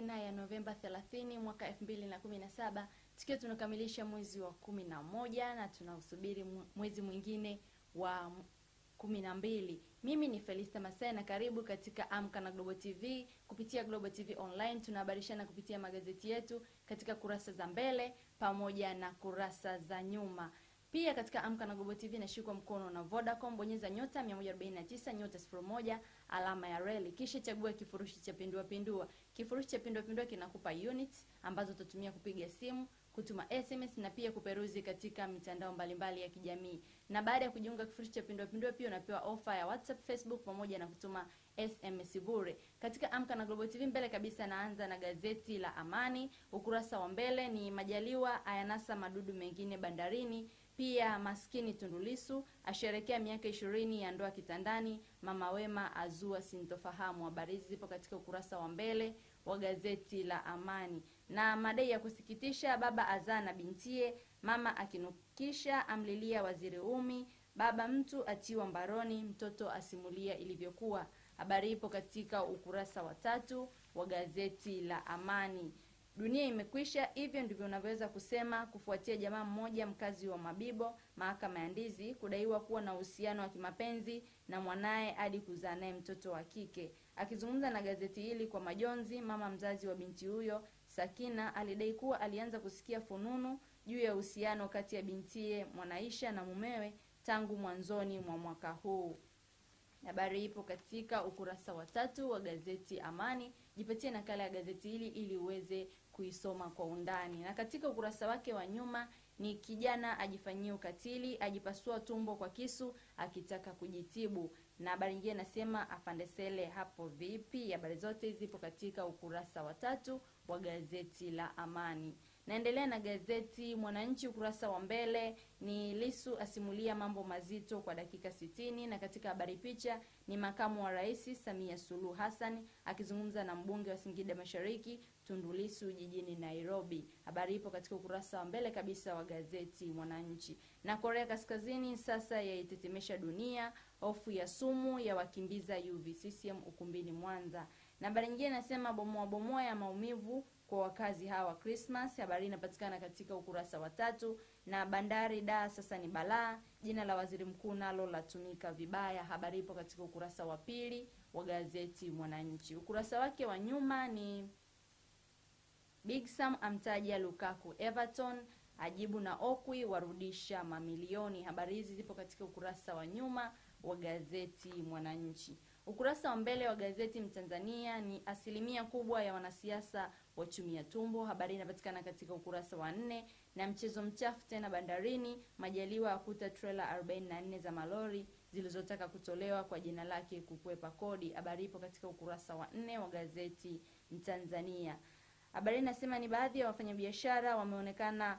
tena ya Novemba 30 mwaka 2017 tukiwa tunakamilisha mwezi wa kumi na moja na tunausubiri mwezi mwingine wa kumi na mbili. Mimi ni Felista Masai na karibu katika Amka na Global TV. Kupitia Global TV Online tunahabarishana kupitia magazeti yetu katika kurasa za mbele pamoja na kurasa za nyuma. Pia katika Amka na Global TV inashikwa mkono na Vodacom. Bonyeza nyota 149 nyota 01 alama ya reli, kisha chagua kifurushi cha pindua pindua. Kifurushi cha pindua pindua kinakupa units ambazo utatumia kupiga simu, kutuma SMS na pia kuperuzi katika mitandao mbalimbali ya kijamii. Na baada ya kujiunga kifurushi cha pindua pindua, pia unapewa ofa ya WhatsApp, Facebook pamoja na kutuma SMS bure. Katika Amka na Global TV mbele kabisa naanza na gazeti la Amani, ukurasa wa mbele ni Majaliwa ayanasa madudu mengine bandarini. Pia maskini tundulisu asherekea miaka ishirini ya ndoa kitandani. Mama Wema azua sintofahamu. Habari hizi zipo katika ukurasa wa mbele wa gazeti la Amani. Na madai ya kusikitisha, baba azaa na bintie, mama akinukisha, amlilia waziri Umi, baba mtu atiwa mbaroni, mtoto asimulia ilivyokuwa. Habari ipo katika ukurasa wa tatu wa gazeti la Amani. Dunia imekwisha, hivyo ndivyo unavyoweza kusema kufuatia jamaa mmoja mkazi wa Mabibo, mahakama ya Ndizi, kudaiwa kuwa na uhusiano wa kimapenzi na mwanaye hadi kuzaa naye mtoto wa kike. Akizungumza na gazeti hili kwa majonzi, mama mzazi wa binti huyo Sakina alidai kuwa alianza kusikia fununu juu ya uhusiano kati ya bintiye Mwanaisha na mumewe tangu mwanzoni mwa mwaka huu. Habari ipo katika ukurasa wa tatu wa gazeti Amani. Jipatie nakala ya gazeti hili ili uweze kuisoma kwa undani, na katika ukurasa wake wa nyuma ni kijana ajifanyie ukatili, ajipasua tumbo kwa kisu akitaka kujitibu, na habari nyingine nasema afandesele hapo vipi. Habari zote zipo katika ukurasa wa tatu wa gazeti la Amani. Naendelea na gazeti Mwananchi ukurasa wa mbele ni Lisu asimulia mambo mazito kwa dakika sitini, na katika habari picha ni makamu wa rais Samia Suluhu Hassan akizungumza na mbunge wa Singida Mashariki Tundu jijini Nairobi. Habari ipo katika ukurasa wa mbele kabisa wa gazeti Mwananchi. Na Korea Kaskazini sasa yaitetemesha dunia, hofu ya sumu ya wakimbiza UVCCM ukumbini Mwanza. Nambari nyingine inasema bomoa bomoa ya maumivu kwa wakazi hawa Christmas. Habari inapatikana katika ukurasa wa tatu. Na bandari da sasa ni balaa, jina la waziri mkuu nalo latumika vibaya. Habari ipo katika ukurasa wa pili wa gazeti Mwananchi. Ukurasa wake wa nyuma ni Big Sam amtaja Lukaku Everton, ajibu na Okwi warudisha mamilioni. Habari hizi zipo katika ukurasa wa nyuma wa gazeti Mwananchi. Ukurasa wa mbele wa gazeti Mtanzania ni asilimia kubwa ya wanasiasa wachumia tumbo. Habari inapatikana katika ukurasa wa nne. Na mchezo mchafu tena bandarini, Majaliwa akuta trela 44 za malori zilizotaka kutolewa kwa jina lake kukwepa kodi. Habari ipo katika ukurasa wa nne wa gazeti Mtanzania. Habari inasema ni baadhi ya wafanyabiashara wameonekana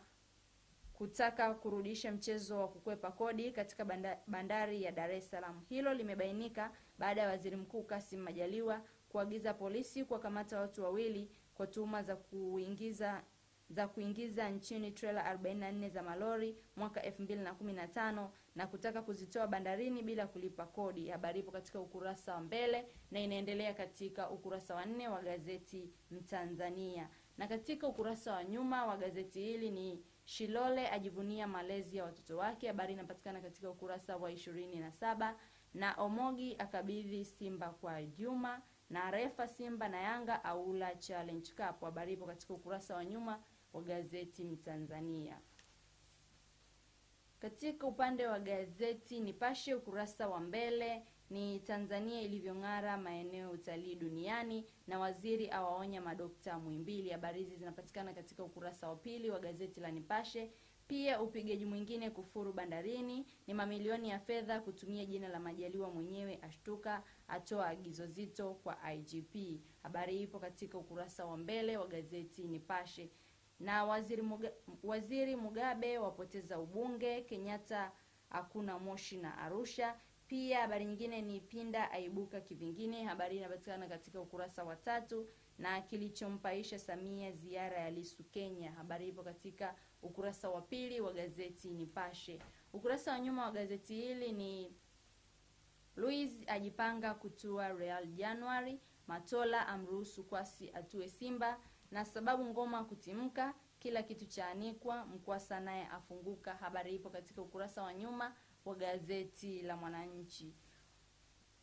kutaka kurudisha mchezo wa kukwepa kodi katika bandari ya Dar es Salaam. Hilo limebainika baada ya waziri mkuu Kassim Majaliwa kuagiza polisi kuwakamata watu wawili kwa tuhuma za kuingiza za kuingiza nchini trela 44 za malori mwaka 2015 na kutaka kuzitoa bandarini bila kulipa kodi. Habari ipo katika ukurasa wa mbele na inaendelea katika ukurasa wa nne wa gazeti Mtanzania. Na katika ukurasa wa nyuma wa gazeti hili ni Shilole ajivunia malezi ya watoto wake. Habari inapatikana katika ukurasa wa 27 na Omogi akabidhi Simba kwa Juma na refa Simba na Yanga aula Challenge Cup. Habari ipo katika ukurasa wa nyuma wa gazeti Mtanzania. Katika upande wa gazeti Nipashe ukurasa wa mbele ni Tanzania ilivyong'ara maeneo ya utalii duniani na waziri awaonya madokta Muhimbili. Habari hizi zinapatikana katika ukurasa wa pili wa gazeti la Nipashe pia upigaji mwingine kufuru bandarini ni mamilioni ya fedha kutumia jina la Majaliwa mwenyewe, ashtuka, atoa agizo zito kwa IGP. Habari ipo katika ukurasa wa mbele wa gazeti Nipashe. Na waziri, Muga, waziri Mugabe wapoteza ubunge, Kenyatta hakuna Moshi na Arusha. Pia habari nyingine ni Pinda aibuka kivingine. Habari inapatikana katika ukurasa wa tatu, na kilichompaisha Samia ziara ya lisu Kenya. Habari ipo katika ukurasa wa pili wa gazeti Nipashe. Ukurasa wa nyuma wa gazeti hili ni Luis ajipanga kutua Real Januari, Matola amruhusu Kwasi atue Simba, na sababu ngoma kutimka, kila kitu chaanikwa, Mkwasa naye afunguka. Habari ipo katika ukurasa wa nyuma wa gazeti la Mwananchi.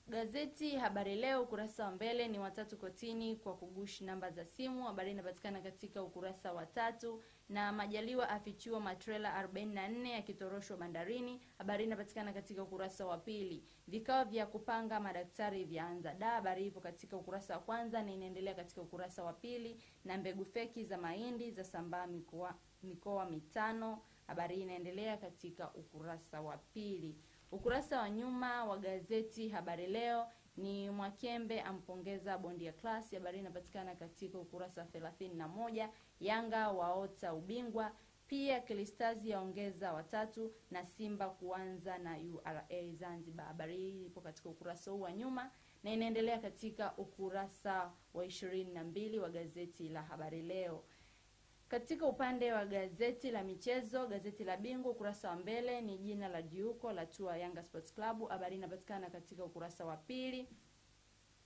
Gazeti Habari Leo ukurasa wa mbele ni watatu kotini kwa kugushi namba za simu. Habari inapatikana katika ukurasa wa tatu. Na Majaliwa afichiwa matrela 44 yakitoroshwa bandarini. Habari inapatikana katika ukurasa wa pili. Vikao vya kupanga madaktari vyaanza da. Habari ipo katika ukurasa wa kwanza na inaendelea katika ukurasa wa pili. Na mbegu feki za mahindi za sambaa mikoa mitano Habari hii inaendelea katika ukurasa wa pili. Ukurasa wa nyuma wa gazeti Habari Leo ni Mwakembe ampongeza bondia klasi. Habari inapatikana katika ukurasa thelathini na moja. Yanga waota ubingwa pia Kilistazi yaongeza watatu na Simba kuanza na URA Zanzibar. Habari hii ipo katika ukurasa huu wa nyuma na inaendelea katika ukurasa wa ishirini na mbili wa gazeti la Habari Leo. Katika upande wa gazeti la michezo, gazeti la Bingwa ukurasa wa mbele ni jina la jiuko la tua Yanga Sports Club. Habari inapatikana katika ukurasa wa pili,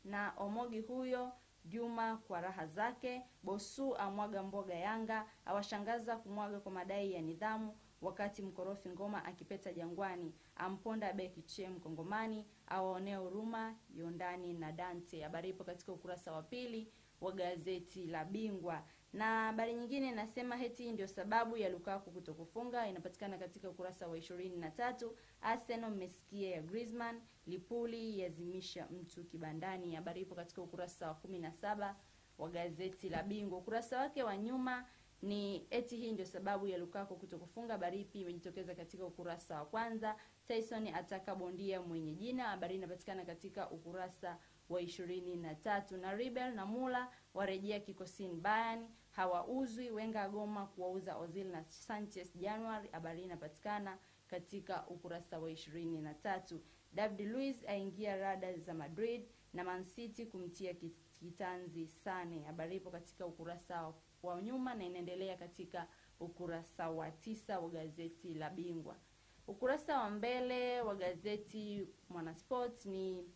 na Omogi huyo Juma kwa raha zake. Bosu amwaga mboga Yanga, awashangaza kumwaga kwa madai ya nidhamu. Wakati mkorofi ngoma akipeta Jangwani, amponda beki che Mkongomani, awaonea huruma Yondani na Dante. Habari ipo katika ukurasa wa pili wa gazeti la Bingwa. Na habari nyingine inasema heti ndio sababu ya Lukaku kutokufunga, inapatikana katika ukurasa wa 23. Arsenal mmesikia ya Griezmann, Lipuli yazimisha mtu kibandani, habari ipo katika ukurasa wa 17 wa gazeti la Bingwa. Ukurasa wake wa nyuma ni eti hii ndio sababu ya Lukaku kutokufunga. Habari ipi imejitokeza katika ukurasa wa kwanza. Tyson ataka bondia mwenye jina, habari inapatikana katika ukurasa wa ishirini na tatu na Ribel na Mula warejea kikosini Bayern hawauzwi. Wenga agoma kuwauza Ozil na Sanchez Januari. Habari inapatikana katika ukurasa wa ishirini na tatu. David Luiz aingia rada za Madrid na Man City kumtia kitanzi Sane. Habari ipo katika ukurasa wa nyuma na inaendelea katika ukurasa wa tisa wa gazeti la Bingwa. Ukurasa wa mbele wa gazeti Mwanasport ni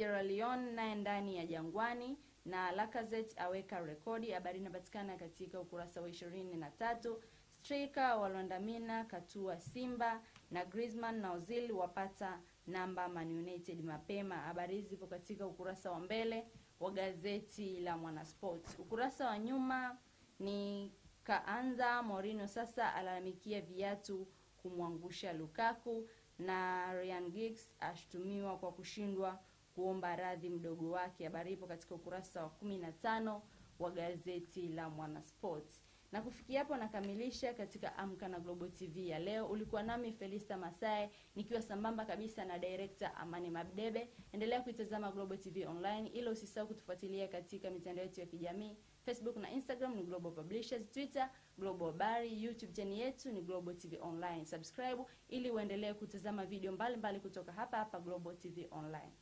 Sierra Leone naye ndani ya Jangwani na Lacazette aweka rekodi. Habari inapatikana katika ukurasa wa ishirini na tatu. Strika walondamina katua Simba na Griezmann na Ozil wapata namba Man United mapema. Habari hizi zipo katika ukurasa wa mbele wa gazeti la Mwanasport. Ukurasa wa nyuma ni kaanza Mourinho sasa alalamikia viatu kumwangusha Lukaku na Ryan Giggs ashtumiwa kwa kushindwa kuomba radhi mdogo wake. Habari ipo katika ukurasa wa kumi na tano wa gazeti la Mwanaspoti. Na kufikia hapo nakamilisha katika Amka na Global TV ya leo. Ulikuwa nami Felista Masai nikiwa sambamba kabisa na director Amani Mabdebe. Endelea kuitazama Global TV online, ila usisahau kutufuatilia katika mitandao yetu ya kijamii. Facebook na Instagram ni Global Publishers, Twitter Global Habari, YouTube channel yetu ni Global TV Online. Subscribe ili uendelee kutazama video mbalimbali mbali kutoka hapa hapa Global TV Online.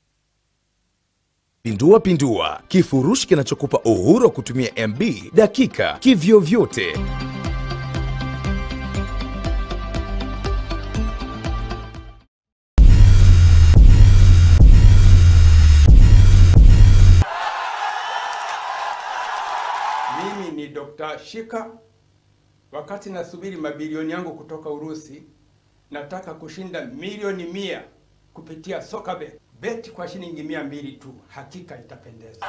Pindua pindua, kifurushi kinachokupa uhuru wa kutumia MB dakika kivyovyote. Mimi ni Dr. Shika. Wakati nasubiri mabilioni yangu kutoka Urusi, nataka kushinda milioni mia kupitia sokabe beti kwa shilingi mia mbili tu, hakika itapendeza.